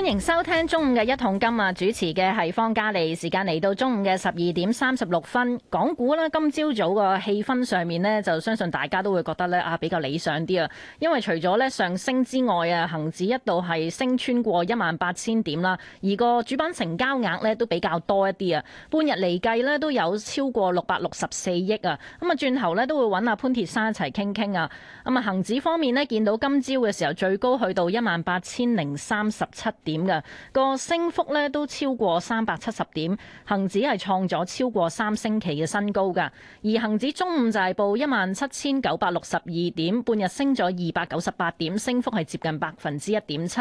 歡迎收聽中午嘅一桶金啊！主持嘅係方嘉莉，時間嚟到中午嘅十二點三十六分。港股咧今朝早個氣氛上面咧，就相信大家都會覺得咧啊比較理想啲啊，因為除咗咧上升之外啊，恒指一度係升穿過一萬八千點啦，而個主板成交額咧都比較多一啲啊，半日嚟計咧都有超過六百六十四億啊。咁啊，轉頭咧都會揾阿潘鐵珊一齊傾傾啊。咁啊，恒指方面咧見到今朝嘅時候最高去到一萬八千零三十七點。點嘅個升幅咧都超過三百七十點，恒指係創咗超過三星期嘅新高噶。而恒指中午就係報一萬七千九百六十二點，半日升咗二百九十八點，升幅係接近百分之一點七。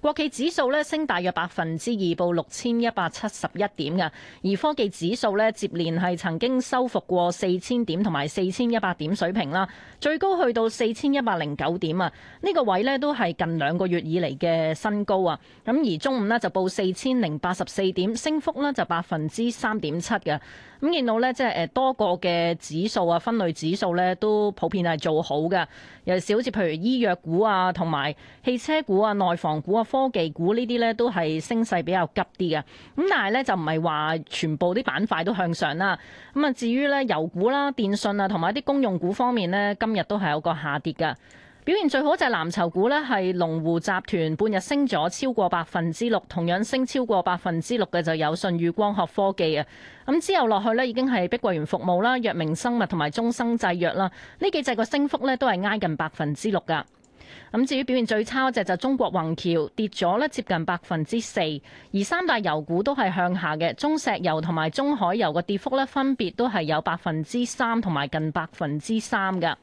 國企指數咧升大約百分之二，報六千一百七十一點嘅。而科技指數咧接連係曾經收復過四千點同埋四千一百點水平啦，最高去到四千一百零九點啊！呢個位咧都係近兩個月以嚟嘅新高啊！咁而中午呢，就報四千零八十四點，升幅呢就百分之三點七嘅。咁見到呢，即係誒多個嘅指數啊、分類指數呢，都普遍係做好嘅。尤其是好似譬如醫藥股啊、同埋汽車股啊、內房股啊、科技股呢啲呢，都係升勢比較急啲嘅。咁但係呢，就唔係話全部啲板塊都向上啦。咁啊，至於呢，油股啦、啊、電信啊同埋啲公用股方面呢，今日都係有個下跌嘅。表現最好就係藍籌股呢係龍湖集團，半日升咗超過百分之六，同樣升超過百分之六嘅就有舜宇光學科技啊。咁之後落去呢，已經係碧桂園服務啦、藥明生物同埋中生製藥啦，呢幾隻個升幅呢都係挨近百分之六噶。咁至於表現最差嗰隻就中國宏橋跌咗呢接近百分之四，而三大油股都係向下嘅，中石油同埋中海油個跌幅呢，分別都係有百分之三同埋近百分之三嘅。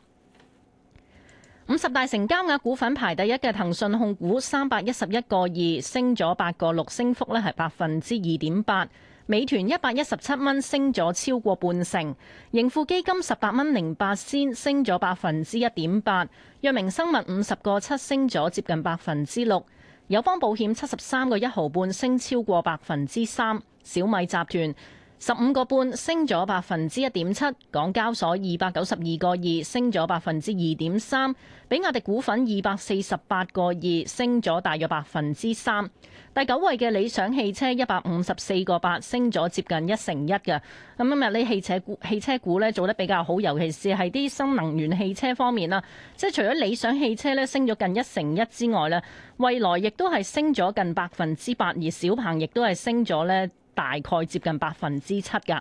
五十大成交額股份排第一嘅騰訊控股三百一十一個二升咗八個六，升幅咧係百分之二點八。美團一百一十七蚊升咗超過半成，盈富基金十八蚊零八仙升咗百分之一點八。藥明生物五十個七升咗接近百分之六，友邦保險七十三個一毫半升超過百分之三，小米集團。十五個半升咗百分之一點七，港交所二百九十二個二升咗百分之二點三，比亞迪股份二百四十八個二升咗大約百分之三。第九位嘅理想汽車一百五十四個八升咗接近一成一嘅。咁今日呢汽車股、汽車股呢做得比較好，尤其是係啲新能源汽車方面啦。即係除咗理想汽車呢升咗近一成一之外呢蔚來亦都係升咗近百分之八，而小鵬亦都係升咗呢。大概接近百分之七噶。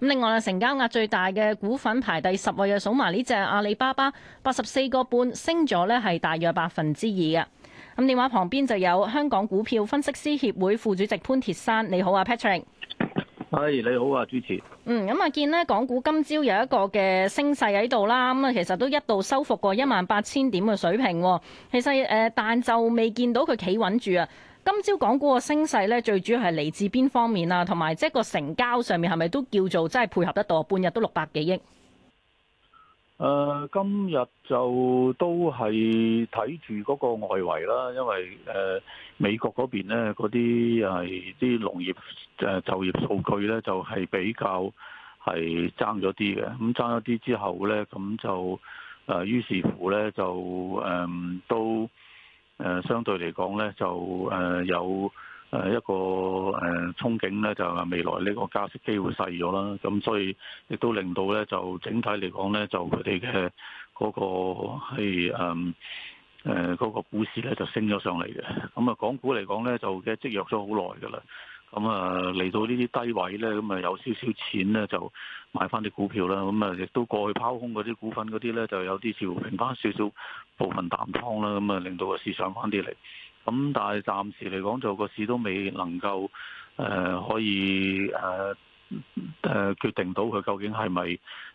咁另外啊，成交額最大嘅股份排第十位嘅，數埋呢隻阿里巴巴，八十四個半，升咗呢係大約百分之二嘅。咁電話旁邊就有香港股票分析師協會副主席潘鐵珊，你好啊 Patrick。係、hey, 你好啊，主持。嗯，咁啊見咧，港股今朝有一個嘅升勢喺度啦。咁啊，其實都一度收復過一萬八千點嘅水平。其實誒、呃，但就未見到佢企穩住啊。今朝港股嘅升勢咧，最主要係嚟自邊方面啊？同埋即係個成交上面係咪都叫做真係配合得到？半日都六百幾億。誒、呃，今日就都係睇住嗰個外圍啦，因為誒、呃、美國嗰邊咧嗰啲係啲農業誒就業數據咧，就係、是、比較係爭咗啲嘅。咁爭咗啲之後咧，咁就誒、呃、於是乎咧就誒。呃都相對嚟講呢，就誒有誒一個誒憧憬呢，就未來呢個加息機會細咗啦，咁所以亦都令到呢，就整體嚟講呢，就佢哋嘅嗰個係誒個股市呢，就升咗上嚟嘅。咁啊，港股嚟講呢，就嘅積弱咗好耐噶啦。咁啊，嚟到呢啲低位呢，咁啊有少少錢呢，就買翻啲股票啦。咁啊，亦都過去拋空嗰啲股份嗰啲呢，就有啲似平翻少少部分淡倉啦。咁啊，令到個市上翻啲嚟。咁但係暫時嚟講，就個市都未能夠誒、呃、可以誒誒、呃呃、決定到佢究竟係咪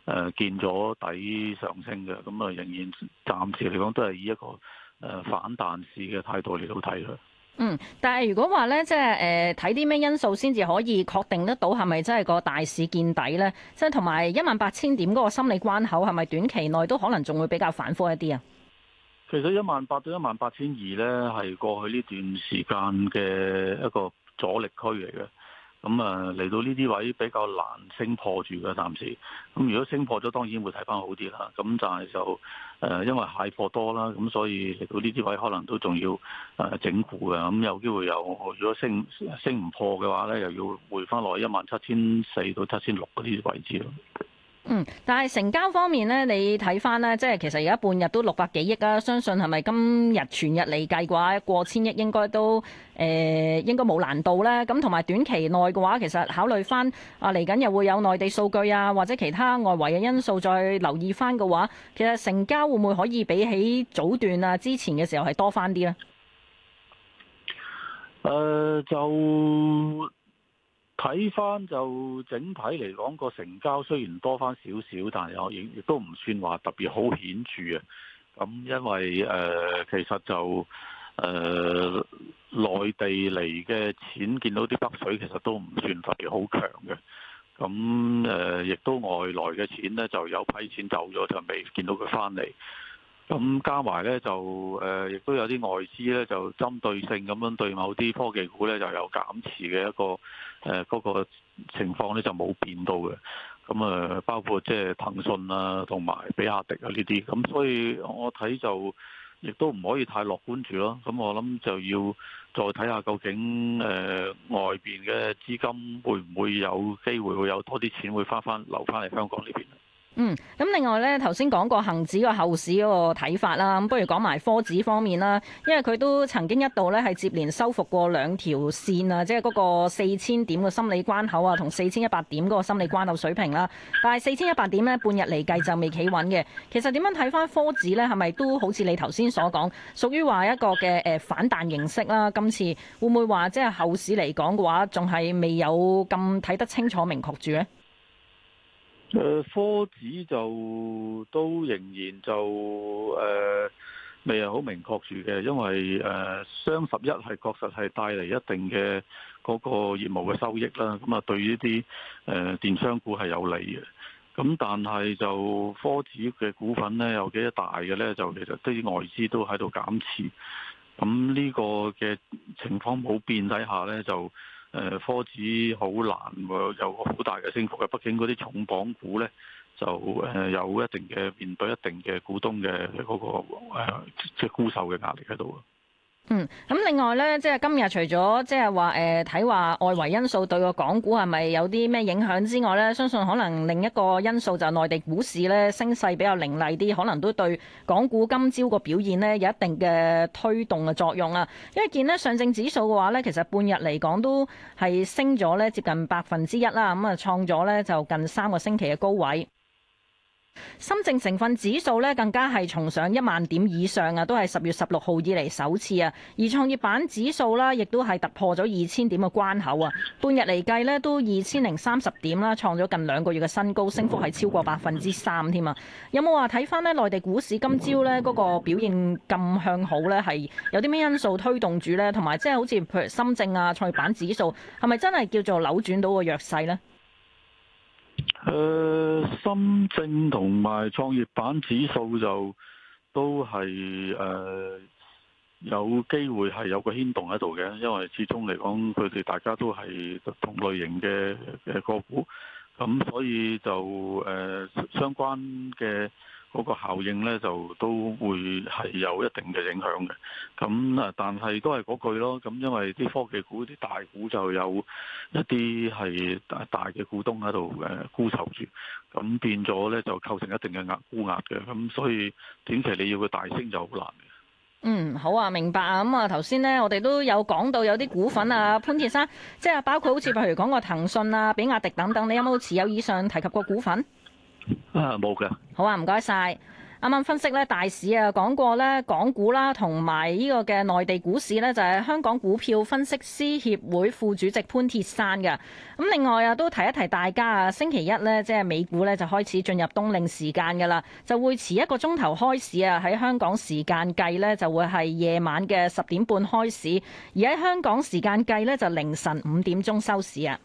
誒見咗底上升嘅。咁啊，仍然暫時嚟講都係以一個誒反彈市嘅態度嚟到睇啦。嗯，但係如果話咧，即係誒睇啲咩因素先至可以確定得到係咪真係個大市見底咧？即係同埋一萬八千點嗰個心理關口，係咪短期內都可能仲會比較反復一啲啊？其實一萬八到一萬八千二咧，係過去呢段時間嘅一個阻力區嚟嘅。咁啊，嚟到呢啲位比較難升破住嘅暫時。咁如果升破咗，當然會睇翻好啲啦。咁但係就誒，因為蟹貨多啦，咁所以嚟到呢啲位可能都仲要誒整固嘅。咁有機會又，如果升升唔破嘅話咧，又要回翻落去一萬七千四到七千六嗰啲位置咯。嗯，但係成交方面呢，你睇翻呢，即係其實而家半日都六百幾億啦。相信係咪今日全日嚟計嘅話過千億應該都誒、呃，應該冇難度咧。咁同埋短期內嘅話，其實考慮翻啊，嚟緊又會有內地數據啊，或者其他外圍嘅因素再留意翻嘅話，其實成交會唔會可以比起早段啊之前嘅時候係多翻啲呢？誒、呃，就。睇翻就整體嚟講，個成交雖然多翻少少，但係又亦都唔算話特別好顯著嘅。咁因為誒、呃、其實就誒、呃、內地嚟嘅錢，見到啲北水其實都唔算特別好強嘅。咁誒亦都外來嘅錢呢，就有批錢走咗，就未見到佢翻嚟。咁加埋呢，就誒，亦都有啲外資呢，就針對性咁樣對某啲科技股呢，就有減持嘅一個。誒嗰個情況咧就冇變到嘅，咁誒包括即係騰訊啊，同埋比亞迪啊呢啲，咁所以我睇就亦都唔可以太樂觀住咯。咁我諗就要再睇下究竟誒、呃、外邊嘅資金會唔會有機會會有多啲錢會返返留返嚟香港呢邊。嗯，咁另外咧，頭先講過恒指個後市嗰個睇法啦，咁不如講埋科指方面啦，因為佢都曾經一度咧係接連收復過兩條線啊，即係嗰個四千點個心理關口啊，同四千一百點嗰個心理關口水平啦。但係四千一百點呢，半日嚟計就未企穩嘅。其實點樣睇返科指呢？係咪都好似你頭先所講，屬於話一個嘅誒反彈形式啦？今次會唔會話即係後市嚟講嘅話，仲係未有咁睇得清楚明確住呢？科指就都仍然就誒、呃、未係好明確住嘅，因為誒雙、呃、十一係確實係帶嚟一定嘅嗰個業務嘅收益啦，咁啊對於啲誒電商股係有利嘅，咁但係就科指嘅股份咧，有幾隻大嘅咧，就其實啲外資都喺度減持，咁呢個嘅情況冇變底下咧就。誒科指好難有好大嘅升幅嘅，畢竟嗰啲重磅股呢，就誒有一定嘅面對一定嘅股東嘅嗰個誒即係沽售嘅壓力喺度嗯，咁另外咧，即係今日除咗即係話誒睇話外圍因素對個港股係咪有啲咩影響之外咧，相信可能另一個因素就係內地股市咧升勢比較凌厲啲，可能都對港股今朝個表現呢有一定嘅推動嘅作用啦。因為見呢，上證指數嘅話咧，其實半日嚟講都係升咗咧接近百分之一啦，咁啊創咗咧就近三個星期嘅高位。深證成分指數咧更加係重上一萬點以上啊，都係十月十六號以嚟首次啊。而創業板指數啦，亦都係突破咗二千點嘅關口啊。半日嚟計咧，都二千零三十點啦，創咗近兩個月嘅新高，升幅係超過百分之三添啊。有冇話睇翻咧，內地股市今朝呢嗰個表現咁向好咧，係有啲咩因素推動住呢？同埋即係好似譬如深證啊、創業板指數，係咪真係叫做扭轉到個弱勢呢？誒，uh, 深證同埋創業板指數就都係誒、uh, 有機會係有個牽動喺度嘅，因為始終嚟講佢哋大家都係同類型嘅嘅個股，咁所以就誒、uh, 相關嘅。嗰個效應咧就都會係有一定嘅影響嘅，咁啊，但係都係嗰句咯，咁因為啲科技股啲大股就有一啲係大嘅股東喺度誒沽籌住，咁變咗咧就構成一定嘅壓沽壓嘅，咁所以短期你要佢大升就好難嘅。嗯，好啊，明白啊，咁啊頭先咧我哋都有講到有啲股份啊，潘鐵珊，即係包括好似譬如講個騰訊啊、比亞迪等等，你有冇持有以上提及個股份？啊，冇噶。好啊，唔該晒。啱啱分析咧，大市啊，講過咧，港股啦，同埋呢個嘅內地股市咧，就係香港股票分析師協會副主席潘鐵珊噶。咁另外啊，都提一提大家啊，星期一咧，即係美股咧，就開始進入冬令時間噶啦，就會遲一個鐘頭開市啊，喺香港時間計咧，就會係夜晚嘅十點半開市，而喺香港時間計咧，就凌晨五點鐘收市啊。